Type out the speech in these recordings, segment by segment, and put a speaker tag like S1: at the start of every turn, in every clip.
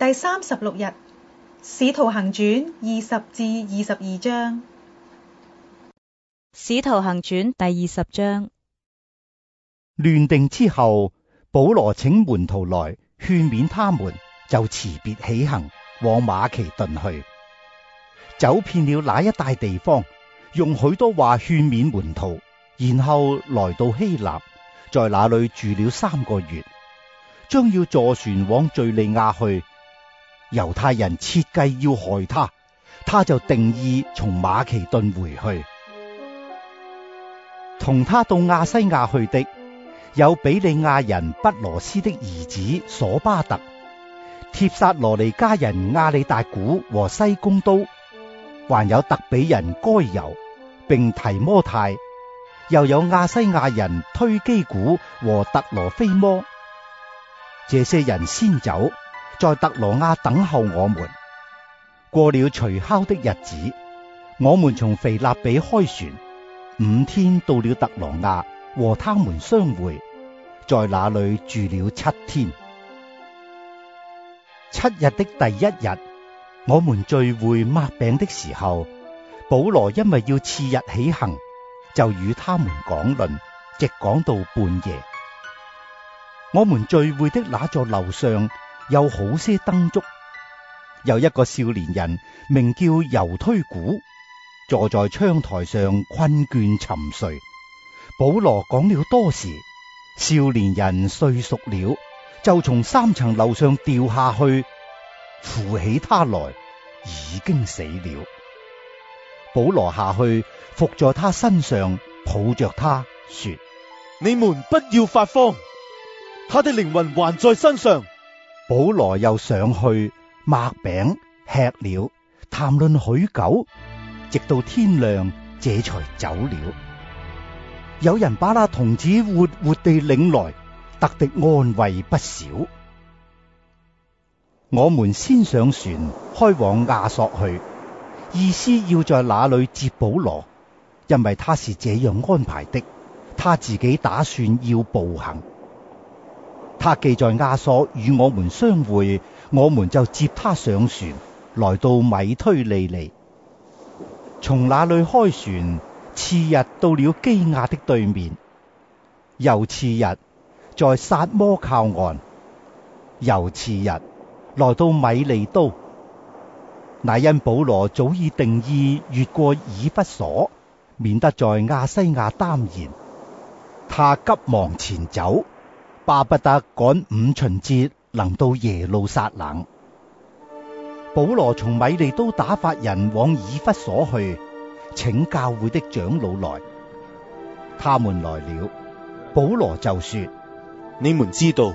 S1: 第三十六日，《使徒行傳》二十至二十二章，《使徒行傳》第二十章。
S2: 亂定之後，保羅請門徒來勸勉他們，就辭別起行往馬其頓去，走遍了那一帶地方，用許多話勸勉門徒，然後來到希臘，在那裏住了三個月，將要坐船往敘利亞去。猶太人設計要害他，他就定意從馬其頓回去。同他到亞西亞去的有比利亞人畢羅斯的兒子索巴特、帖撒羅尼加人亞里達古和西公都，還有特比人該尤，並提摩太，又有亞西亞人推基古和特羅菲摩。這些人先走。在特羅亞等候我們。過了除酵的日子，我們從腓立比開船，五天到了特羅亞，和他們相會，在那裏住了七天。七日的第一日，我們聚會擘餅的時候，保羅因為要次日起行，就與他們講論，直講到半夜。我們聚會的那座樓上。有好些燈燭，有一個少年人名叫猶推古，坐在窗台上困倦沉睡。保羅講了多時，少年人睡熟了，就從三層樓上掉下去，扶起他來，已經死了。保羅下去伏在他身上，抱着他說：你們不要發慌，他的靈魂還在身上。保羅又上去擘餅吃了，談論許久，直到天亮，這才走了。有人把那童子活活地領來，特地安慰不少。我們先上船開往亞索去，意思要在那裏接保羅，因為他是這樣安排的，他自己打算要步行。他既在亞索與我們相會，我們就接他上船，來到米推利尼，從那裏開船，次日到了基亞的對面，又次日在撒摩靠岸，又次日來到米利都，乃因保羅早已定意越過以弗所，免得在亞西亞耽延，他急忙前走。巴不得趕巡節，趕五旬節能到耶路撒冷。保羅從米利都打發人往以弗所去，請教會的長老來。他們來了，保羅就說：你們知道，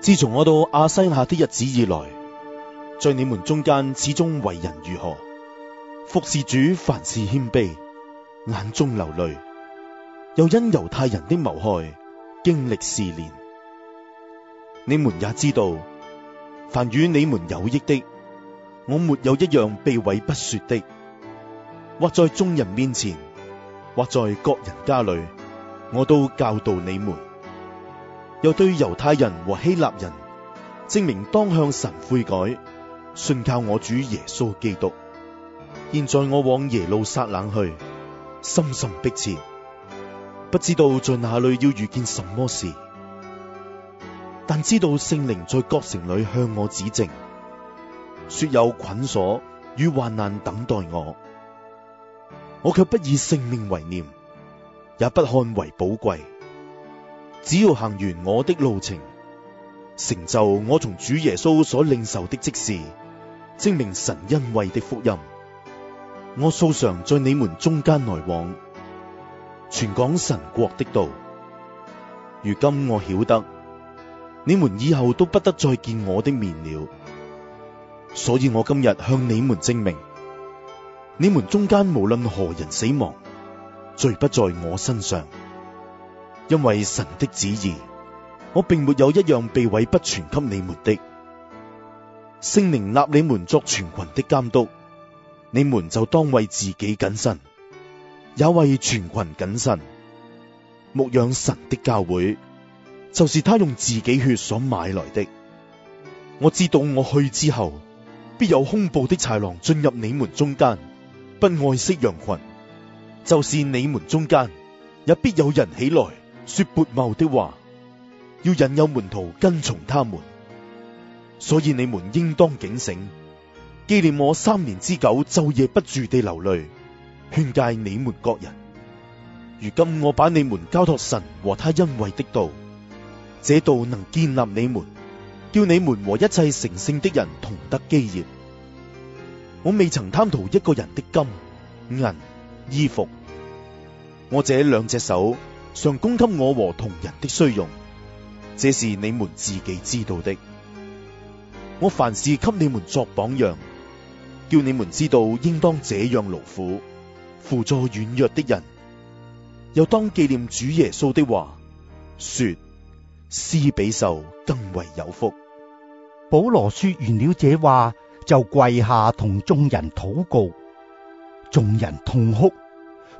S2: 自從
S1: 我到亞西亞的日子以來，在你們中間始終為人如何服事主，凡事謙卑，眼中流淚，又因猶太人的謀害。經歷試煉，你們也知道，凡與你們有益的，我沒有一樣避諱不說的；或在眾人面前，或在各人家裏，我都教導你們。又對猶太人和希臘人證明當向神悔改，信靠我主耶穌基督。現在我往耶路撒冷去，心甚迫切。不知道在哪裏要遇見什麼事，但知道聖靈在各城裏向我指正，說有捆鎖與患難等待我，我卻不以性命為念，也不看為寶貴，只要行完我的路程，成就我從主耶穌所領受的職事，證明神恩惠的福音，我素常在你們中間來往。傳講神國的道，如今我曉得你們以後都不得再見我的面了，所以我今日向你們證明，你們中間無論何人死亡，罪不在我身上，因為神的旨意，我並沒有一樣避諱不傳給你們的，聖靈立你們作全群的監督，你們就當為自己謹慎。也為全群謹慎牧養神的教會，就是他用自己血所買來的。我知道我去之後，必有凶暴的豺狼進入你們中間，不愛惜羊群；就是你們中間，也必有人起來說悖謬的話，要引誘門徒跟從他們。所以你們應當警醒，紀念我三年之久，晝夜不住地流淚。勸誡你們各人，如今我把你們交託神和他恩惠的道，這道能建立你們，叫你們和一切成聖的人同得基業。我未曾貪圖一個人的金銀衣服，我這兩隻手常供給我和同人的需用，這是你們自己知道的。我凡事給你們作榜樣，叫你們知道應當這樣勞苦。輔助軟弱的人，又當紀念主耶穌的話，
S2: 說：施比受更為有福。保羅說完了這話，就跪下同眾人禱告，眾人痛哭，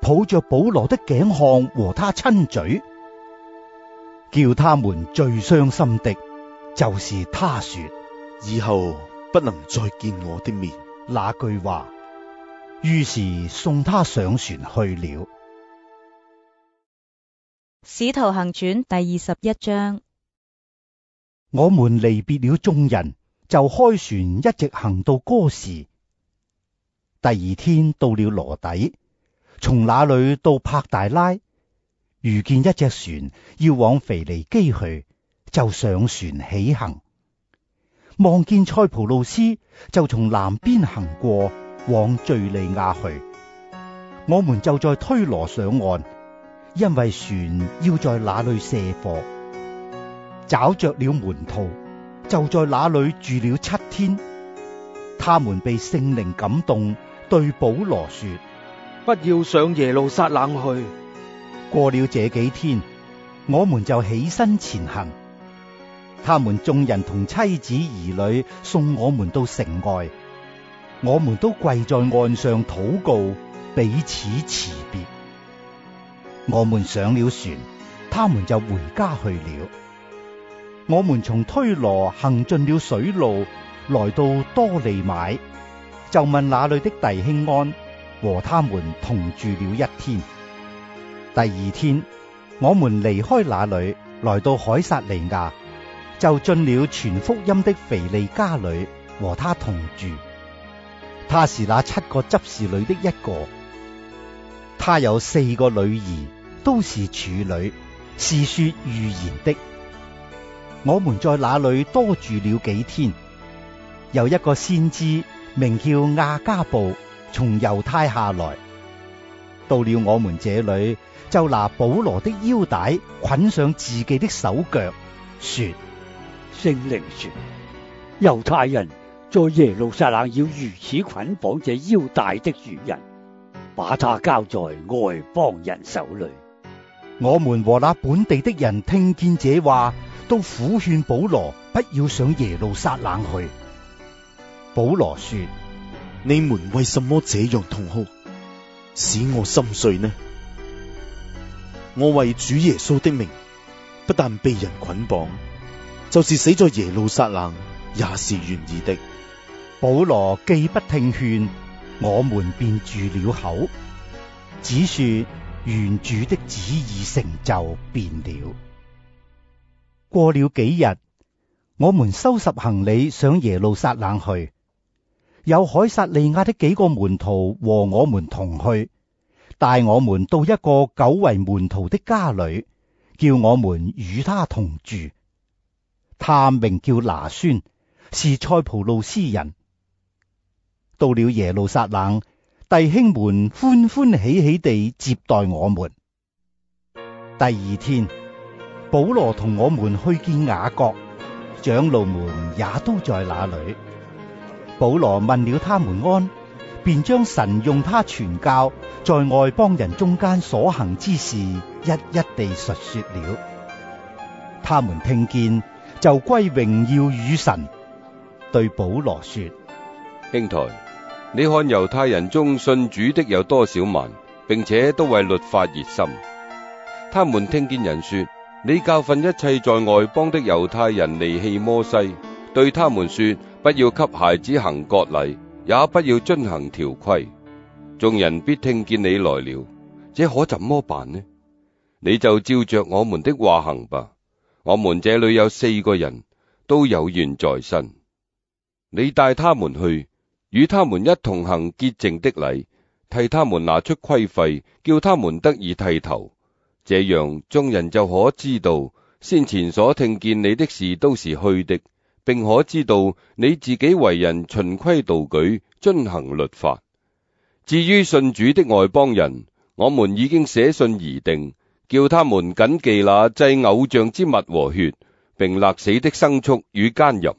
S2: 抱着保羅的頸項和他親嘴，叫他們最傷心的，就是他說以後不能再見我的面那句話。於是送他上船去了。
S1: 《使徒行傳》第二十一章。
S2: 我們離別了眾人，就開船一直行到哥士。第二天到了羅底，從那裏到帕大拉，遇見一隻船要往腓尼基去，就上船起行。望見塞浦路斯，就從南邊行過。往敘利亞去，我們就在推羅上岸，因為船要在那裏卸貨。找着了門徒，就在那裏住了七天。他們被聖靈感動，對保羅說：不要上耶路撒冷去。過了這幾天，我們就起身前行。他們眾人同妻子兒女送我們到城外。我們都跪在岸上禱告，彼此辭別。我們上了船，他們就回家去了。我們從推羅行進了水路，來到多利買，就問那裡的弟兄安，和他們同住了一天。第二天，我們離開那裡，來到海撒利亞，就進了全福音的腓利家裡，和他同住。他是那七個執事裏的一個，他有四個女兒，都是處女，是說預言的。我們在那裏多住了幾天，有一個先知名叫亞加布，從猶太下來，到了我們這裏，就拿保羅的腰帶捆上自己的手腳，說：聖靈說，猶太人。在耶路撒冷要如此捆綁這腰帶的主人，把他交在外邦人手裏。我們和那本地的人聽見這話，都苦勸保羅不要上耶路撒冷去。保羅說：你們為什
S1: 麼這樣痛哭，使我心碎呢？我為主耶穌的命，不但被人捆綁，就是死在耶路
S2: 撒冷也是願意的。保羅既不聽勸，我們便住了口，只說原主的旨意成就便了。過了幾日，我們收拾行李上耶路撒冷去，有凱撒利亞的幾個門徒和我們同去，帶我們到一個久為門徒的家裏，叫我們與他同住。他名叫拿孫，是塞浦路斯人。到了耶路撒冷，弟兄們歡歡喜喜地接待我們。第二天，保羅同我們去見雅各，長老們也都在那裏。保羅問了他們安，便將神用他傳教在外邦人中間所行之事，一一地述說了。他們聽見，就歸榮耀與神。對保羅說：
S3: 兄台。你看猶太人中信主的有多少萬，並且都為律法熱心。他們聽見人說，你教訓一切在外邦的猶太人離棄摩西，對他們說，不要給孩子行割禮，也不要遵行條規。眾人必聽見你來了，這可怎麼辦呢？你就照着我們的話行吧。我們這裏有四個人都有願在身，你帶他們去。與他們一同行潔淨的禮，替他們拿出規費，叫他們得以剃頭。這樣，眾人就可知道先前所聽見你的事都是虛的，並可知道你自己為人循規蹈矩，遵行律法。至於信主的外邦人，我們已經寫信而定，叫他們謹記那祭偶像之物和血，並勒死的牲畜與姦淫。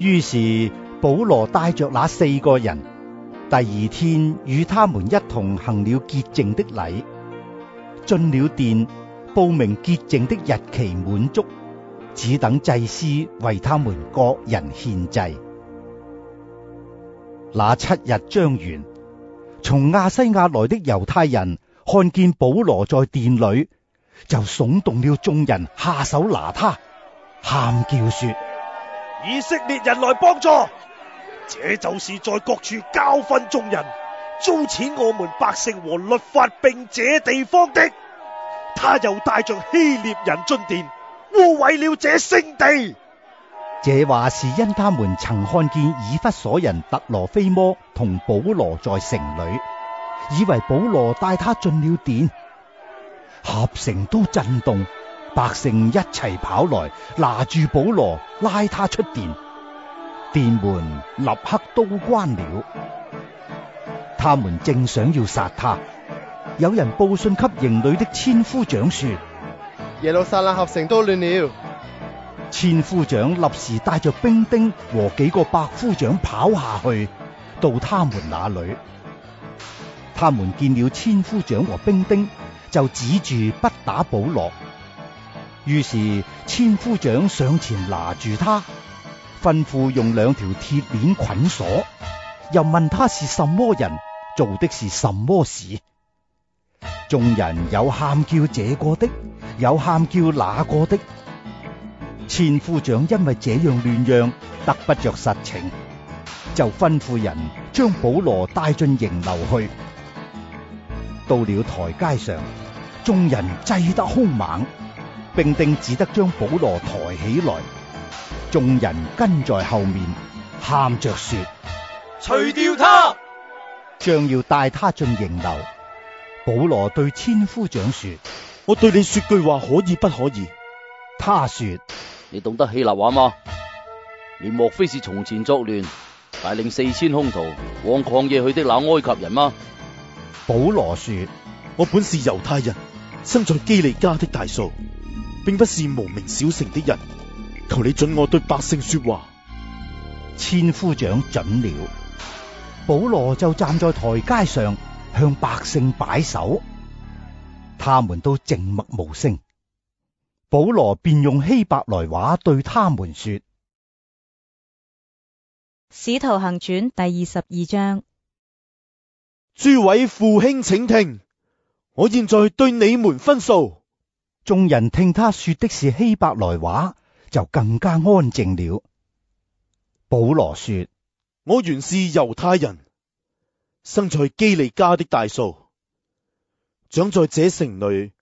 S2: 於是。保羅帶着那四個人，第二天與他們一同行了潔淨的禮，進了殿，報名潔淨的日期滿足，只等祭司為他們各人獻祭。那七日將完，從亞西亞來的猶太人看見保羅在殿裏，就慫動了眾人，下手拿他，喊叫說：
S1: 以色列人來幫助！這就是在各處教訓眾人、糟踐我們百姓和律法，並這地方的。
S2: 他又帶着希臘人進殿，污
S1: 穢了這聖地。
S2: 這話是因他們曾看見以弗所人特羅非摩同保羅在城裏，以為保羅帶他進了殿，合城都震動，百姓一齊跑來，拿住保羅，拉他出殿。店門立刻都關了，他們正想要殺他。有人報信給營裏的千夫長說：
S1: 耶路撒冷合成都亂了。
S2: 千夫長立時帶着兵丁和幾個百夫長跑下去，到他們那裏。他們見了千夫長和兵丁，就止住不打保羅。於是千夫長上前拿住他。吩咐用兩條鐵鏈捆鎖，又問他是什麼人，做的是什麼事。眾人有喊叫這個的，有喊叫那個的。千夫長因為這樣亂嚷，得不着實情，就吩咐人將保羅帶進營樓去。到了台階上，眾人擠得凶猛，并定只得將保羅抬起來。眾人跟在後面，喊着說：除掉他，將要帶他進營樓。保羅對千夫長說：我對你說句話可以不可以？他說：你懂得希臘話嗎？
S1: 你莫非是從前作亂，帶領四千凶徒往曠野去的那埃及人嗎？保羅說：我本是猶太人，生在基利家的大數，并不是無名小城的人。求你准我對百
S2: 姓說話，千夫長准了。保羅就站在台階上向百姓擺手，他們都靜默無聲。保羅便用希伯來話對他們說，
S1: 《使徒行傳》第二十二章。
S2: 諸位父兄，請聽，我現在對你們分訴。眾人聽他說的是希伯來話，就更加安靜了。保羅說：我原是猶太人，
S1: 生在基利家的大數，長在這城裏，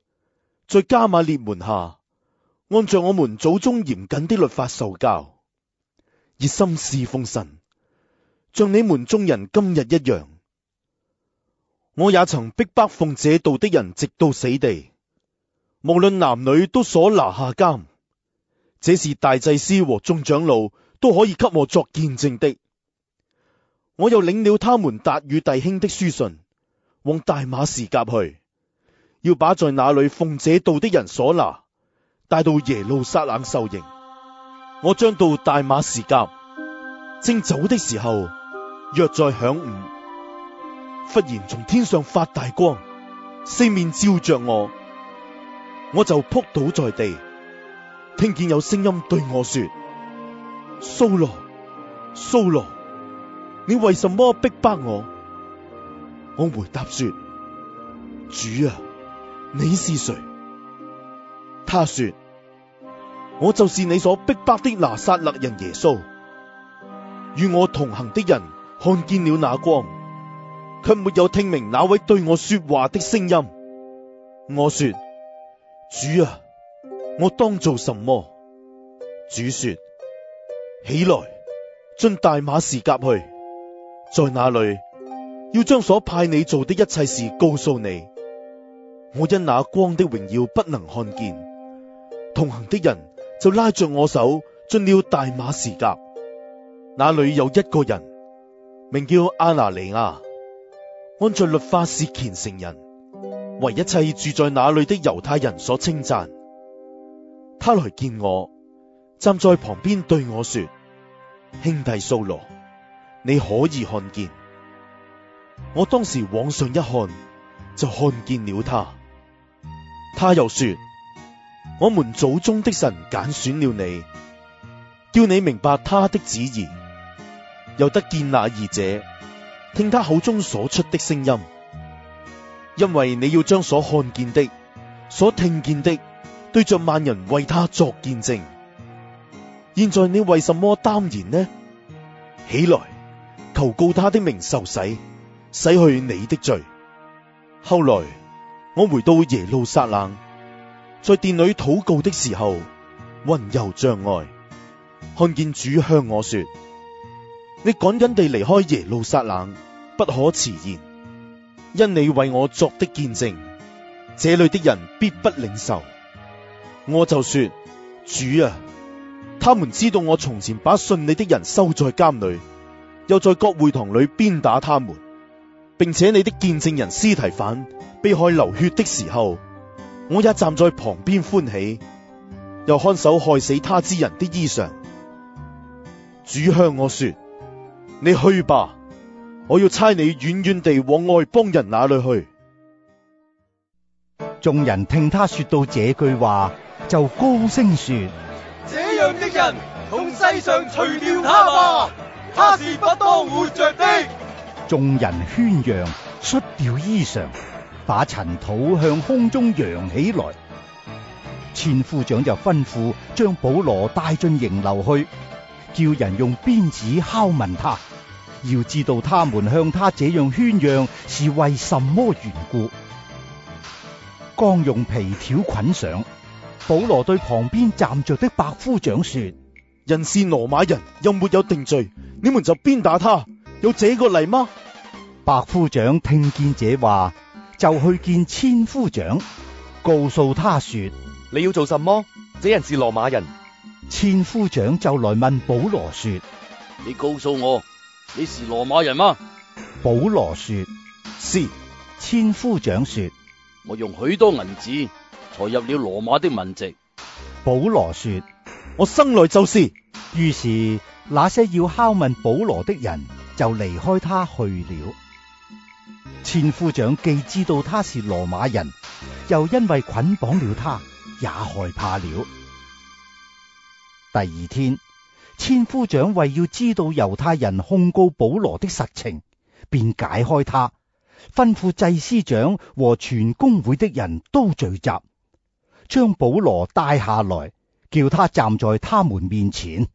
S1: 在加瑪列門下，按着我們祖宗嚴謹的律法受教，熱心事奉神，像你們眾人今日一樣。我也曾逼迫奉這道的人，直到死地，無論男女，都所拿下監。這是大祭司和眾長老都可以給我作見證的。我又領了他們達與弟兄的書信，往大馬士革去，要把在那裏奉這道的人鎖拿帶到耶路撒冷受刑。我將到大馬士革，正走的時候，約在晌午，忽然從天上發大光，四面照着我，我就仆倒在地。聽見有聲音對我說：掃羅，掃羅，你為什麼逼迫我？我回答說：主啊，你是誰？他說：我就是你所逼迫的拿撒勒人耶穌。與我同行的人看見了那光，卻沒有聽明那位對我說話的聲音。我說：主啊。我當做什麼？主說：起來，進大馬士革去，在那裡要將所派你做的一切事告訴你。我因那光的榮耀不能看見，同行的人就拉着我手進了大馬士革。那裡有一個人，名叫阿拿尼亞，按在律法是虔誠人，為一切住在那裡的猶太人所稱讚。他來見我，站在旁邊對我說：兄弟掃羅，你可以看見。我當時往上一看，就看見了他。他又說：我們祖宗的神揀選了你，叫你明白他的旨意，又得見那二者，聽他口中所出的聲音，因為你要將所看見的、所聽見的。對着萬人為他作見證，現在你為什麼耽延呢？起來求告他的名受洗，洗去你的罪。後來我回到耶路撒冷，在殿裏禱告的時候，魂遊象外，看見主向我說：你趕緊地離開耶路撒冷，不可遲延，因你為我作的見證，這裏的人必不領受。我就說，主啊，他們知道我從前把信你的人收在監裏，又在各會堂裏鞭打他們，並且你的見證人司提反被害流血的時候，我也站在旁邊歡喜，又看守害死他之人的衣裳。主向我說：你去吧，我要差你遠
S2: 遠地往外邦人那裏去。眾人聽他說到這句話。就高聲說：
S3: 這樣的人，從世上除掉他吧，他是不當活着的。
S2: 眾人喧嚷，摔掉衣裳，把塵土向空中揚起來。千夫長就吩咐將保羅帶進營樓去，叫人用鞭子拷問他，要知道他們向他這樣喧嚷是為什麼緣故。剛用皮條捆上。保羅對旁邊站着的百夫長說：人是羅
S1: 馬人，又沒有定罪，你們就鞭打他，有這個例嗎？百
S2: 夫長聽見這話，就去見千夫長，告訴他說：你要做什麼？這人是羅馬人。千夫長就來問保羅說：
S1: 你告訴我，你是羅馬人嗎？
S2: 保羅說：是。千夫長說：
S1: 我用許多銀子。我入了羅馬的文籍。
S2: 保羅說：我生來就是。於是那些要拷問保羅的人就離開他去了。千夫長既知道他是羅馬人，又因為捆綁了他，也害怕了。第二天，千夫長為要知道猶太人控告保羅的實情，便解開他，吩咐祭司長和全公會的人都聚集。將保羅帶下來，叫他站在他們面前。